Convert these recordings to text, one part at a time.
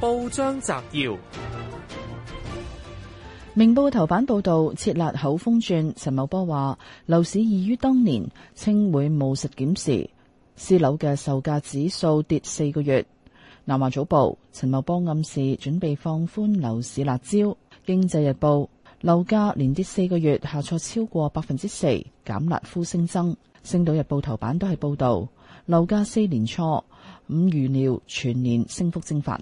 報章摘要：明報頭版報道，撤辣口風轉。陳茂波話樓市異於當年，稱會務實檢視私樓嘅售價指數跌四個月。南華早報，陳茂波暗示準備放寬樓市辣招。經濟日報，樓價連跌四個月，下挫超過百分之四，減辣呼聲增。星島日報頭版都係報道樓價四年初五，預料全年升幅蒸發。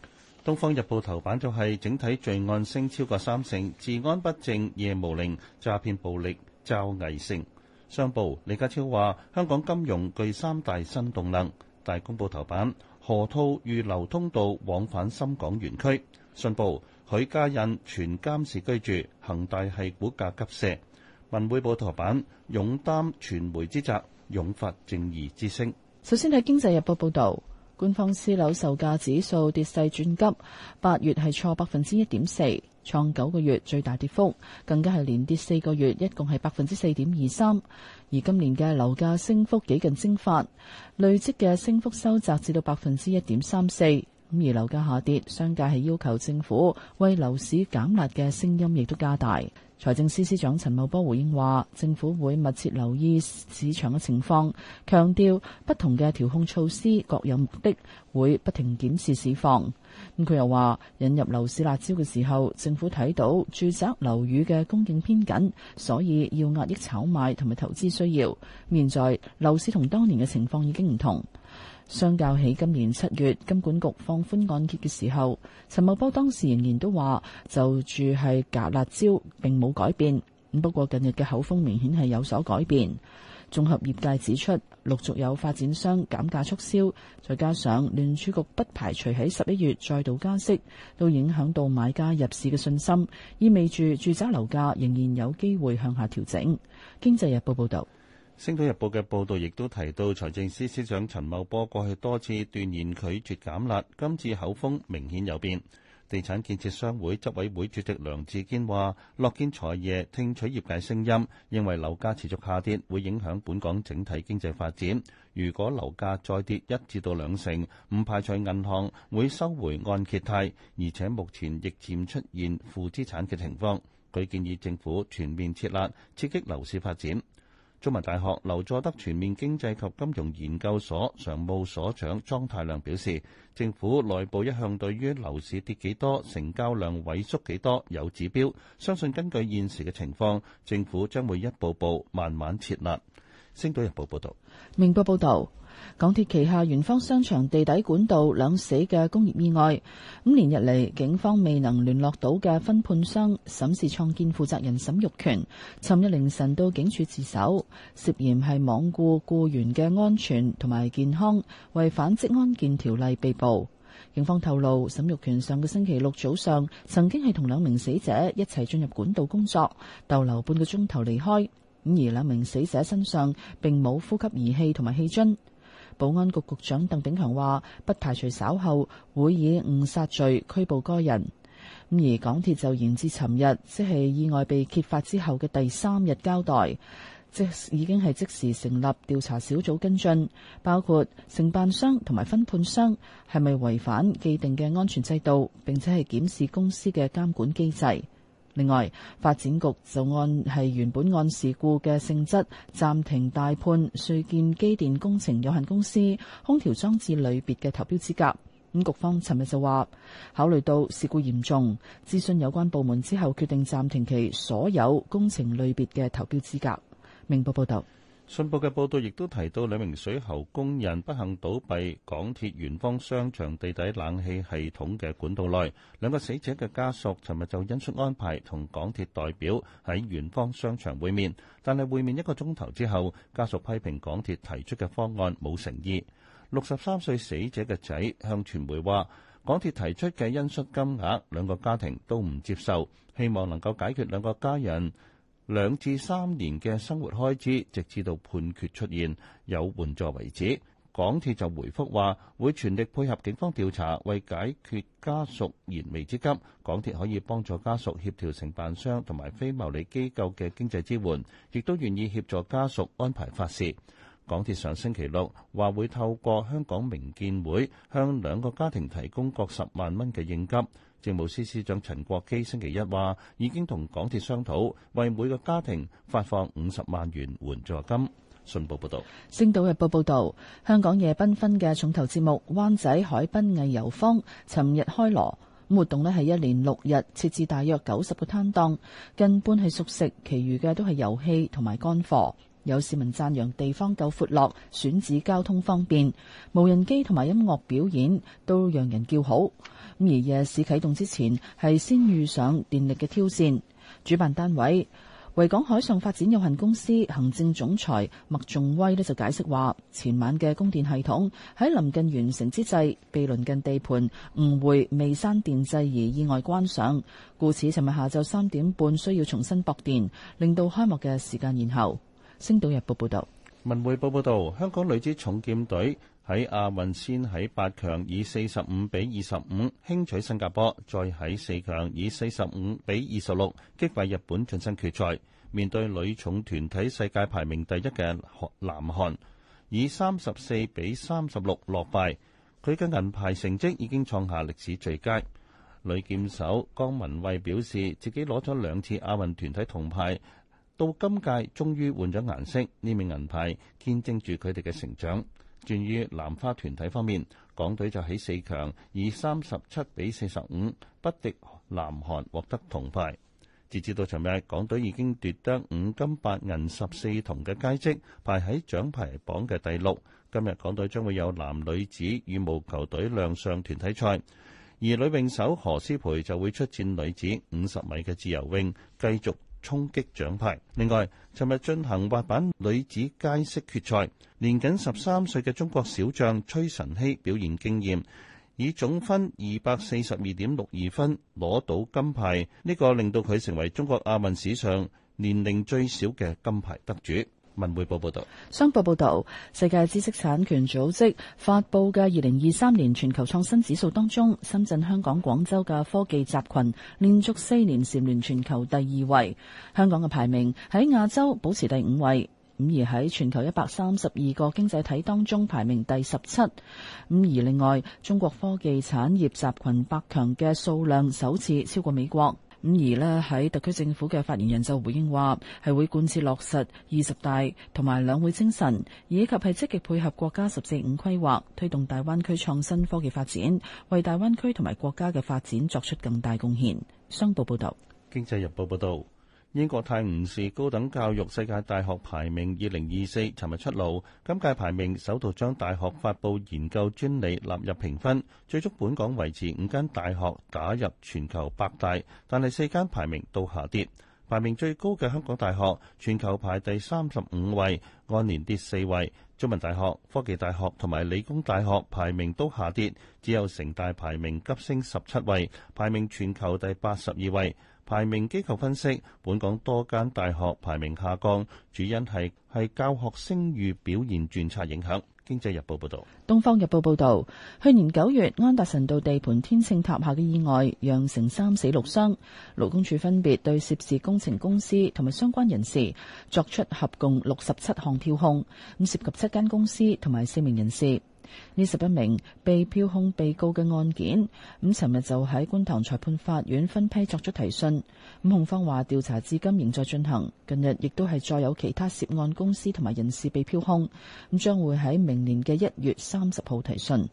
《東方日報》頭版就係整體罪案升超過三成，治安不正、夜無令、詐騙暴力、驟危性。商報李家超話：香港金融具三大新動能。大公報頭版：河套預留通道往返深港園區。信報許家印全監視居住，恒大系股價急跌。文匯報頭版：勇擔傳媒之責，勇發正義之聲。首先睇《經濟日報》報導。官方私樓售價指數跌勢轉急，八月係挫百分之一點四，創九個月最大跌幅，更加係連跌四個月，一共係百分之四點二三。而今年嘅樓價升幅幾近蒸發，累積嘅升幅收窄至到百分之一點三四。咁而樓價下跌，商界係要求政府為樓市減壓嘅聲音亦都加大。財政司司長陳茂波回應話，政府會密切留意市場嘅情況，強調不同嘅調控措施各有目的，會不停檢視市況。咁佢又話，引入樓市辣招嘅時候，政府睇到住宅樓宇嘅供應偏緊，所以要壓抑炒賣同埋投資需要。咁現在，樓市同當年嘅情況已經唔同。相較起今年七月金管局放寬按揭嘅時候，陳茂波當時仍然都話就住係夾辣招並冇改變。不過近日嘅口風明顯係有所改變。綜合業界指出，陸續有發展商減價促銷，再加上聯儲局不排除喺十一月再度加息，都影響到買家入市嘅信心，意味住住宅樓價仍然有機會向下調整。經濟日報報導。《星島日報》嘅報導亦都提到，財政司司長陳茂波過去多次斷言拒絕減辣，今次口風明顯有變。地產建設商會執委會主席梁志堅話，樂見財爺聽取業界聲音，認為樓價持續下跌會影響本港整體經濟發展。如果樓價再跌一至到兩成，唔排除銀行會收回按揭貸，而且目前亦漸出現負資產嘅情況。佢建議政府全面設立刺激樓市發展。中文大學劉佐德全面經濟及金融研究所常務所長莊太亮表示，政府內部一向對於樓市跌幾多、成交量萎縮幾多有指標，相信根據現時嘅情況，政府將會一步步慢慢設立。星島日報報道。明報報導。港鐵旗下元芳商場地底管道兩死嘅工業意外，咁連日嚟警方未能聯絡到嘅分判商沈氏創建負責人沈玉權，尋日凌晨到警署自首，涉嫌係罔顧僱員嘅安全同埋健康，違反職安健條例被捕。警方透露，沈玉權上個星期六早上曾經係同兩名死者一齊進入管道工作，逗留半個鐘頭離開，而兩名死者身上並冇呼吸儀器同埋氣樽。保安局局長鄧炳強話，不排除稍後會以誤殺罪拘捕該人。咁而港鐵就延至尋日，即係意外被揭發之後嘅第三日交代，即已經係即時成立調查小組跟進，包括承辦商同埋分判商係咪違反既定嘅安全制度，並且係檢視公司嘅監管機制。另外，發展局就按係原本按事故嘅性質暫停大判瑞建機電工程有限公司空調裝置類別嘅投標資格。咁局方尋日就話考慮到事故嚴重，諮詢有關部門之後決定暫停其所有工程類別嘅投標資格。明報報道。信報嘅報道亦都提到兩名水喉工人不幸倒閉港鐵圓方商場地底冷氣系統嘅管道內，兩個死者嘅家屬尋日就恩恤安排同港鐵代表喺圓方商場會面，但係會面一個鐘頭之後，家屬批評港鐵提出嘅方案冇誠意。六十三歲死者嘅仔向傳媒話，港鐵提出嘅恩恤金額兩個家庭都唔接受，希望能夠解決兩個家人兩至三年嘅生活開支，直至到判決出現有援助為止。港鐵就回覆話，會全力配合警方調查，為解決家屬燃眉之急，港鐵可以幫助家屬協調承辦商同埋非牟利機構嘅經濟支援，亦都願意協助家屬安排法事。港鐵上星期六話會透過香港明建會向兩個家庭提供各十萬蚊嘅應急。政務司司長陳國基星期一話，已經同港鐵商討，為每個家庭發放五十萬元援助金。信報報道，《星島日報》報道，香港夜繽紛嘅重頭節目灣仔海濱藝遊坊，尋日開鑼。活動呢係一連六日，設置大約九十個攤檔，近半係熟食，其餘嘅都係遊戲同埋乾貨。有市民讚揚地方夠闊落，選址交通方便，無人機同埋音樂表演都讓人叫好。咁而夜市啟動之前係先遇上電力嘅挑戰。主辦單位維港海上發展有限公司行政總裁麥仲威咧就解釋話，前晚嘅供電系統喺臨近完成之際，被鄰近地盤誤會未刪電制而意外關上，故此，尋日下晝三點半需要重新駁電，令到開幕嘅時間延後。《星島日報》報道，文匯報報道，香港女子重劍隊喺亞運先喺八強以四十五比二十五輕取新加坡，再喺四強以四十五比二十六擊敗日本，晉身決賽。面對女重團體世界排名第一嘅韓南韓，以三十四比三十六落敗。佢嘅銀牌成績已經創下歷史最佳。女劍手江文蔚表示，自己攞咗兩次亞運團體銅牌。到今屆，終於換咗顏色。呢名銀牌，見證住佢哋嘅成長。轉於男花團體方面，港隊就喺四強以三十七比四十五不敵南韓，獲得銅牌。截至到尋日，港隊已經奪得五金、八銀、十四銅嘅佳績，排喺獎牌榜嘅第六。今日港隊將會有男、女子羽毛球隊亮相團體賽，而女泳手何詩蓓就會出戰女子五十米嘅自由泳，繼續。衝擊獎牌。另外，尋日進行滑板女子街式決賽，年僅十三歲嘅中國小將崔晨曦表現驚艷，以總分二百四十二點六二分攞到金牌。呢個令到佢成為中國亞運史上年齡最小嘅金牌得主。文匯報報道，商報報道，世界知識產權組織發佈嘅二零二三年全球創新指數當中，深圳、香港、廣州嘅科技集群連續四年蟬聯全球第二位，香港嘅排名喺亞洲保持第五位，咁而喺全球一百三十二個經濟體當中排名第十七，咁而另外，中國科技產業集群百強嘅數量首次超過美國。咁而呢，喺特區政府嘅發言人就回應話，係會貫徹落實二十大同埋兩會精神，以及係積極配合國家十四五規劃，推動大灣區創新科技發展，為大灣區同埋國家嘅發展作出更大貢獻。商報報道，經濟日報報道。英國泰晤士高等教育世界大學排名二零二四尋日出爐，今屆排名首度將大學發佈研究專利納入評分，最終本港維持五間大學打入全球百大，但係四間排名都下跌。排名最高嘅香港大學全球排第三十五位，按年跌四位。中文大學、科技大學同埋理工大學排名都下跌，只有城大排名急升十七位，排名全球第八十二位。排名機構分析，本港多間大學排名下降，主因係係教學聲譽表現轉差影響。經濟日報報道，東方日報報道，去年九月安達臣道地盤天秤塌下嘅意外，釀成三死六傷。勞工處分別對涉事工程公司同埋相關人士作出合共六十七項票控，咁涉及七間公司同埋四名人士。呢十一名被票控被告嘅案件，咁尋日就喺觀塘裁判法院分批作出提訊。咁控方話調查至今仍在進行，近日亦都係再有其他涉案公司同埋人士被票控，咁將會喺明年嘅一月三十號提訊。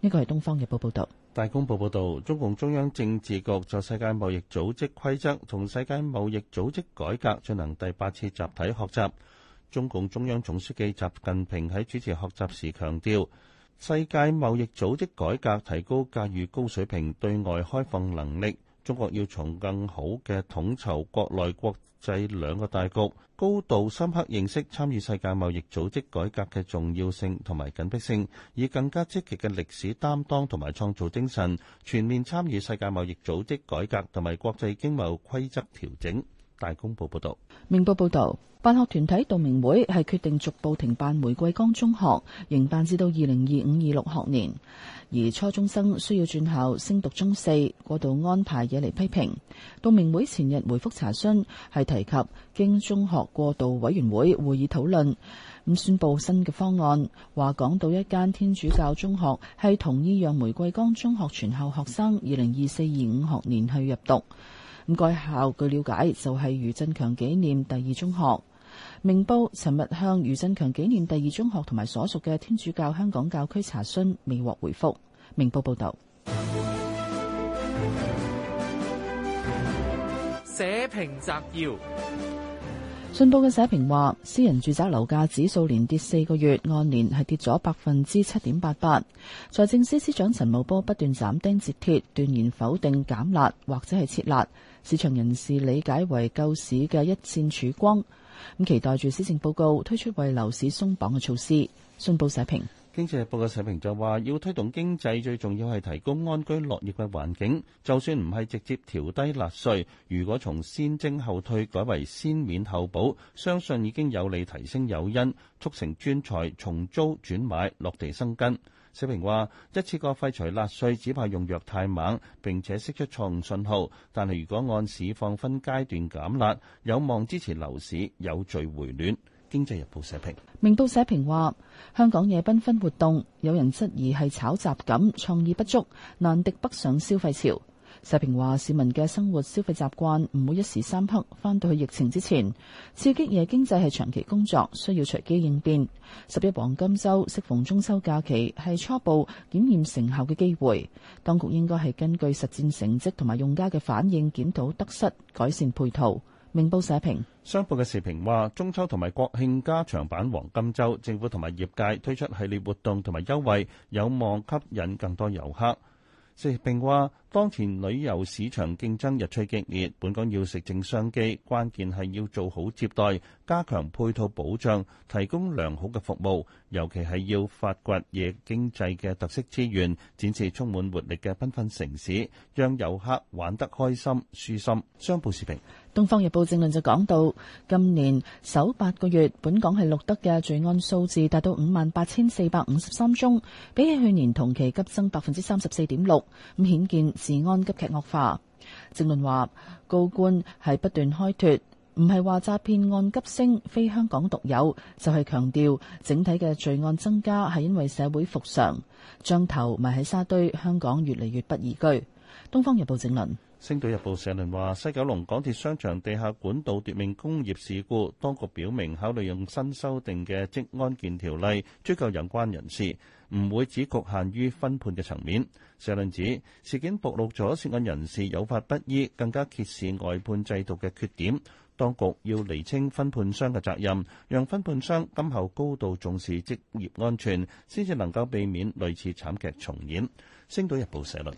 呢個係東方日報報道。大公報報道，中共中央政治局就世界貿易組織規則同世界貿易組織改革進行第八次集體學習。中共中央總書記習近平喺主持學習時強調，世界貿易組織改革提高駕馭高水平對外開放能力，中國要從更好嘅統籌國內國際兩個大局，高度深刻認識參與世界貿易組織改革嘅重要性同埋緊迫性，以更加積極嘅歷史擔當同埋創造精神，全面參與世界貿易組織改革同埋國際經貿規則調整。大公報報道，明報報道，辦學團體道明會係決定逐步停辦玫瑰崗中學，營辦至到二零二五二六學年，而初中生需要轉校升讀中四，過渡安排惹嚟批評。道明會前日回覆查詢，係提及經中學過渡委員會會議討論，咁宣布新嘅方案，話港島一間天主教中學係同意讓玫瑰崗中學全校學生二零二四二五學年去入讀。該校據了解就係、是、余振強紀念第二中學。明報尋日向余振強紀念第二中學同埋所屬嘅天主教香港教區查詢，未獲回覆。明報報道。社評摘要。信報嘅社評話：私人住宅樓價指數連跌四個月，按年係跌咗百分之七點八八。財政司司長陳茂波不斷斬釘截鐵，斷言否定減辣或者係撤辣，市場人士理解為救市嘅一線曙光。咁期待住施政報告推出為樓市鬆綁嘅措施。信報社評。經濟日報嘅社評就話：要推動經濟，最重要係提供安居樂業嘅環境。就算唔係直接調低辣稅，如果從先徵後退，改為先免後補，相信已經有利提升誘因，促成專才重租轉買，落地生根。社評話：一次過廢除辣稅，只怕用藥太猛，並且釋出錯誤信號。但係如果按市況分階段減辣，有望支持樓市有序回暖。《經濟日報》社評，《明報》社評話：香港夜繽紛活動，有人質疑係炒雜感，創意不足，難敵北上消費潮。社評話：市民嘅生活消費習慣唔會一時三刻翻到去疫情之前，刺激夜經濟係長期工作，需要隨機應變。十一黃金週適逢中秋假期，係初步檢驗成效嘅機會。當局應該係根據實戰成績同埋用家嘅反應，檢討得失，改善配套。明報社評，商報嘅時評話，中秋同埋國慶加長版黃金周，政府同埋業界推出系列活動同埋優惠，有望吸引更多遊客。時評話。當前旅遊市場競爭日趨激烈，本港要食正商機，關鍵係要做好接待，加強配套保障，提供良好嘅服務，尤其係要發掘夜經濟嘅特色資源，展示充滿活力嘅繽紛城市，讓遊客玩得開心舒心。商報時評，《東方日報》正論就講到，今年首八個月，本港係錄得嘅罪案數字達到五萬八千四百五十三宗，比起去年同期急增百分之三十四點六，咁顯見。治安急劇惡化，正論話高官係不斷開脫，唔係話詐騙案急升，非香港獨有，就係強調整體嘅罪案增加係因為社會復常，將頭埋喺沙堆，香港越嚟越不宜居。東方日報正論。星島日報社論話：西九龍港鐵商場地下管道奪命工業事故，當局表明考慮用新修訂嘅職安健條例追究有關人士，唔會只局限於分判嘅層面。社論指事件暴露咗涉案人士有法不依，更加揭示外判制度嘅缺點。當局要釐清分判商嘅責任，讓分判商今後高度重視職業安全，先至能夠避免類似慘劇重演。星島日報社論。